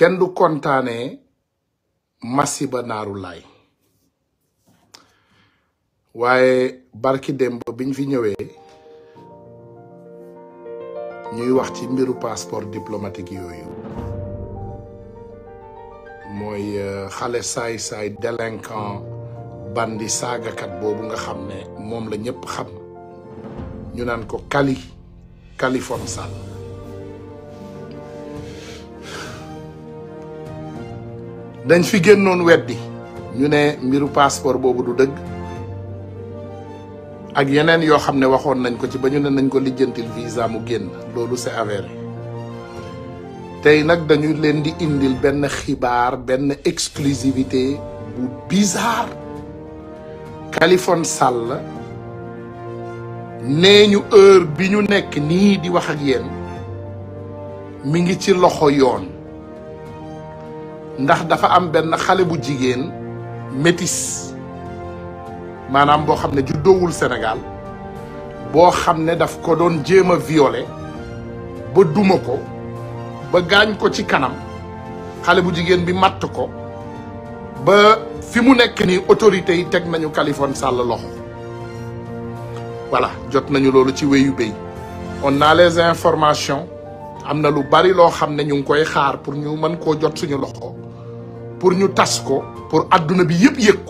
kenn du kontaanee masiba naaru laay waaye barki démb biñ fi ñëwee ñuy wax ci mbiru passeport diplomatique yooyu mooy euh, xale saay-saay délinquant bandi saagakat boobu nga xam ne moom la ñëpp xam ñu naan ko Kali Kaliphone Sall dañ fi génnoon weddi ñu ne mbiru passeport boobu du dëgg ak yeneen yoo xam ne waxoon nañ ko ci ba ñu ne nañ ko lijjantil visa mu génn loolu c'est avéré tey nag dañu leen di indil benn xibaar benn exclusivité bu bizarre Khaliphone Sall nee ñu heure bi ñu nekk nii di wax ak yéen mu ngi ci loxo yoon ndax dafa am benn xale bu jigéen métis maanaam boo xam ne juddoowul Sénégal boo xam ne daf ko doon jéem a violer ba duma ko ba gaañ ko ci kanam xale bu jigéen bi matt ko ba fi mu nekk ni autorités yi teg nañu Kaliphone Sall loxo voilà jot nañu loolu ci wéyu béy on a les informations am na lu bari loo xam ne ñu ngi koy xaar pour ñu mën koo jot suñu loxo pour ñu tas ko pour adduna bi yëpp yëg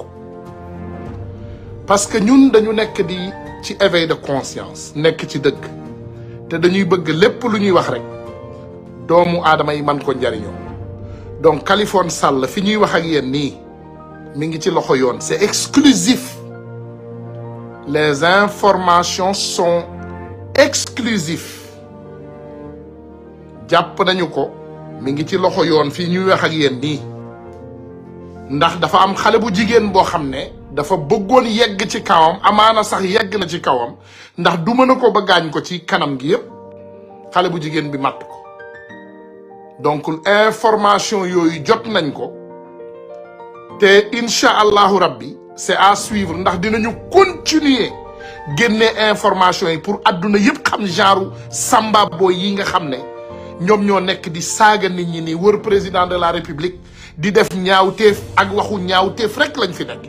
parce que ñun dañu nekk di ci éveil de conscience nekk ci dëgg te dañuy bëgg lépp lu ñuy wax rek doomu aadama yi man ko njariñoo donc Kaliphone Sall fi ñuy wax ak yéen nii mi ngi ci loxo yoon c'est exclusif les informations sont exclusives jàpp nañu ko mi ngi ci loxo yoon fii ñuy wax ak yéen nii ndax dafa am xale bu jigéen boo xam ne dafa bëggoon yegg ci kawam amaana sax yegg na ci kawam ndax du mën a ko ba gaañ ko ci kanam gi yépp xale bu jigéen bi matt ko donc information yooyu jot nañ ko te incha allahu rabbi c'est à suivre ndax dinañu continuer génne information yi pour adduna yépp xam genre samba boy yi nga xam ne ñoom ñoo nekk di saaga nit ñi nii wër président de la république di def ñaawteef ak waxu ñaawteef rek lañ fi nekk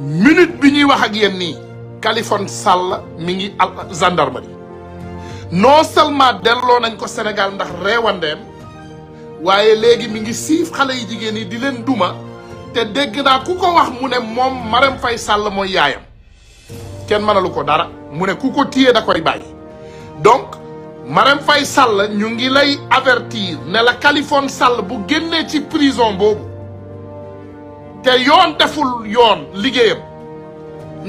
minute bi ñuy wax ak yéen nii Kaliphone sàll mi ngi al gendarmerie non seulement delloo nañ ko senegal ndax reewandeem waaye léegi mi ngi siif xale yi jigéen yi di leen duuma te dégg naa ku ko wax mu ne moom Marème fay sàll mooy yaayam kenn mënalu ko dara mu ne ku ko téye da koy bàyyi donc Marème Faye Sall ñu ngi lay avertir ne la Kaliphone Sall bu génnee ci prison boobu te yoon deful yoon liggéeyam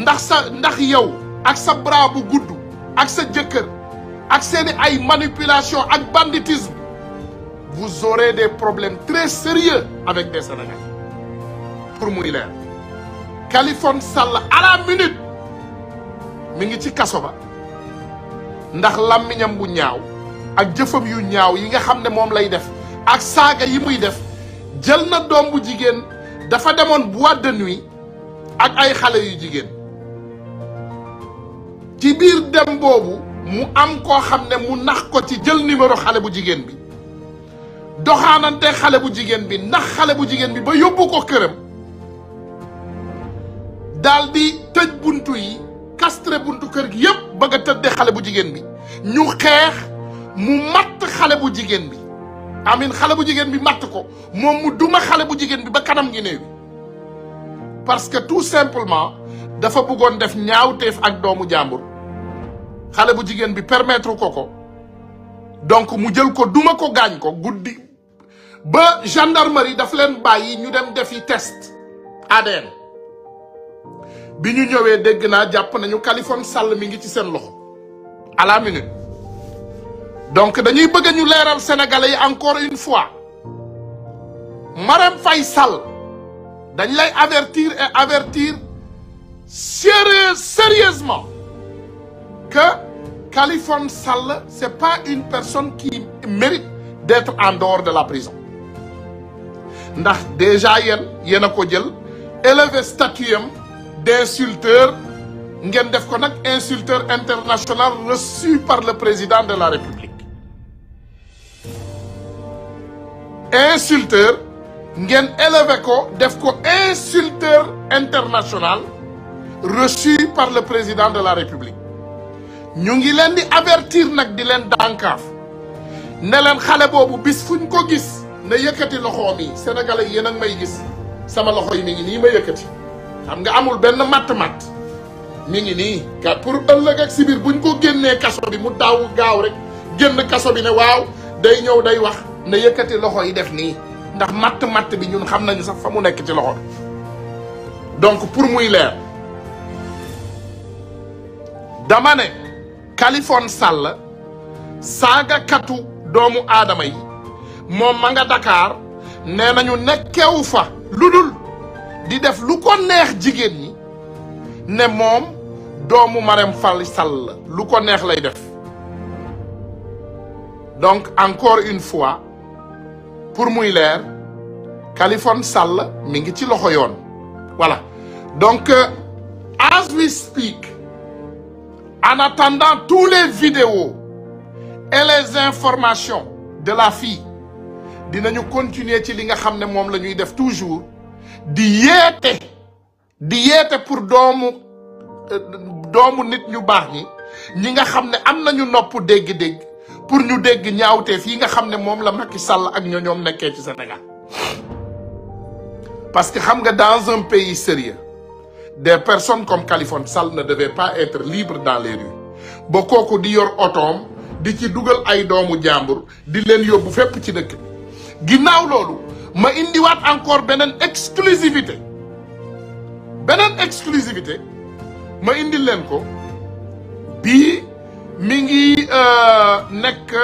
ndax sa ndax yow ak sa bras bu gudd ak sa jëkkër ak seeni ay manipulation ak banditisme vous aurez des problèmes très sérieux avec des Sénégalais pour muy leer Kaliphone Sall à la minute mi ngi ci kaso ba ndax làmmiñam bu ñaaw ak jëfam yu ñaaw yi nga xam ne moom lay def ak saaga yi muy def jël na doom bu jigéen dafa demoon boîte de nuit ak ay xale yu jigéen ci biir dem boobu mu am koo xam ne mu nax ko ci jël numéro xale bu jigéen bi doxaanante xale bu jigéen bi ndax xale bu jigéen bi ba yóbbu ko këram daal di tëj buntu yi castre buntu kër gi yépp bëgg a tëdde xale bu jigéen bi ñu xeex mu matt xale bu jigéen bi amin xale bu jigéen bi matt ko moom mu duma xale bu jigéen bi ba kanam gi néew parce que tout simplement dafa bëggoon def teef ak doomu jàmbur xale bu jigéen bi permettre ko ko donc mu jël ko duma ko gaañ ko guddi ba gendarmerie daf leen bàyyi ñu dem def defi test ADN bi ñu ñëwee dégg naa jàpp nañu Khaliphone Sall mi ngi ci seen loxo à la minute donc dañuy bëgg ñu leeral sénégalais yi encore une fois Marème fay Sall dañ lay avertir et avertir sérieux sérieusement que Khaliphone Sall c'est pas une personne qui mérite d'être en dehors de la prison ndax déjà yen yéen a ko jël élever statut am d'insulteur ngeen def ko nag insulteur international reçu par le président de la république insulteur ngeen élevé ko def ko insulteur international reçu par le président de la république ñu ngi leen di avertir nag di leen dànkaaf ne leen xale boobu bis fu ñu ko gis na yëkkati loxoom yi sénégalais yéen a ngi may gis sama loxo yi mi ngi nii ma yëkkati xam nga amul benn matt-matt mi ngi nii ka pour ëllëg ak si biir buñ koo génnee kaso bi mu daw gaaw rek génn kaso bi ne waaw day ñëw day wax na yëkkati loxo yi def nii ndax matt-matt bi ñun xam nañu sax fa mu nekk ci loxo bi donc pour muy leer dama ne Kaliphone Sall saagakatu doomu aadama yi moom ma nga Dakar nee nañu nekkewu fa lu dul di def lu ko neex jigéen ñi ne moom doomu Marème Faye Sall la lu ko neex lay def donc encore une fois pour muy leer Khaliphone Sall mi ngi ci loxo yoon voilà donc euh, as we speak en attendant tous les vidéos et les informations de la fille dinañu continuer ci li nga xam ne moom la ñuy def toujours di yéete di yeete pour doomu doomu nit ñu baax ñi ñi nga xam ne am nañu nopp dégg-dégg pour ñu dégg ñaawteef yi nga xam ne moom la Macky Sall ak ñoo ñoom nekkee ci Sénégal parce que xam nga dans un pays sérieux des personnes comme Khaliphone Sall na devaient pas être libre dans les rues ba kooku di yor otoom di ci dugal ay doomu jàmbur di leen yóbbu fépp ci dëkk bi ginnaaw loolu ma indiwaat encore beneen exclusivité beneen exclusivité ma indi leen ko bii mi ngi euh, nekk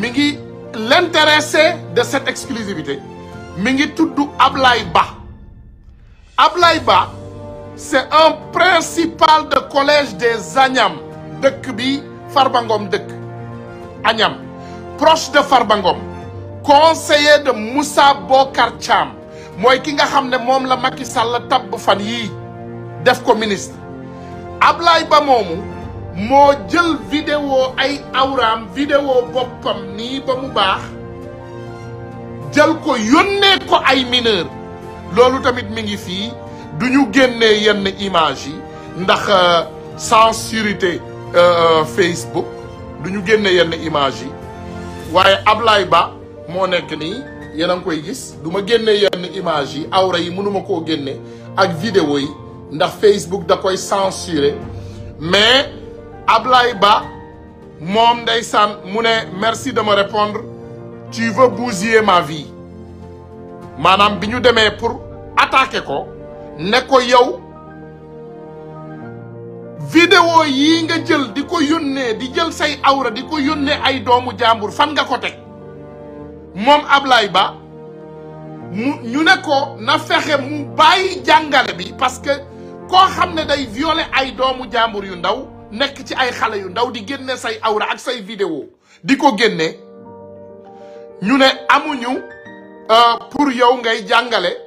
mi ngi l'intéressé de cette exclusivité mi ngi tudd Ablaye Ba Ablaye Ba c'est un principal de collège de Agnam dëkk bi Farba Ngom dëkk Agnam proche de Farba conseiller de Moussa Bokar Thiam mooy ki nga xam ne moom la Macky Sall tabb fan yii def ko ministre Ablaye Ba moomu moo jël vidéo ay awraam vidéo boppam nii ba mu baax jël ko yónnee ko ay mineur loolu tamit mi ngi fii du ñu génnee yenn image yi ndax euh, censurité euh, euh, Facebook du ñu génne yenn image yi waaye Ablaye Ba moo nekk nii yéen a ngi koy gis du ma génne yenn image yi awra yi mënuma koo génne ak vidéo yi ndax Facebook da koy censuré mais Ablaye Ba moom ndeysaan mu ne merci de me répondre tu veux bousiller ma vie maanaam bi ñu demee pour attaquer ko ne ko yow vidéo yi nga jël di ko yónnee di jël say awra di ko yónnee ay doomu jàmbur fan nga ko teg moom Ablaye Ba mu ñu ne ko na fexe mu bàyyi jàngale bi parce que koo xam ne day violer ay doomu jàmbur yu ndaw nekk ci ay xale yu ndaw di génne say awra ak say vidéo di ko génne ñu ne amuñu euh, pour yow ngay jàngale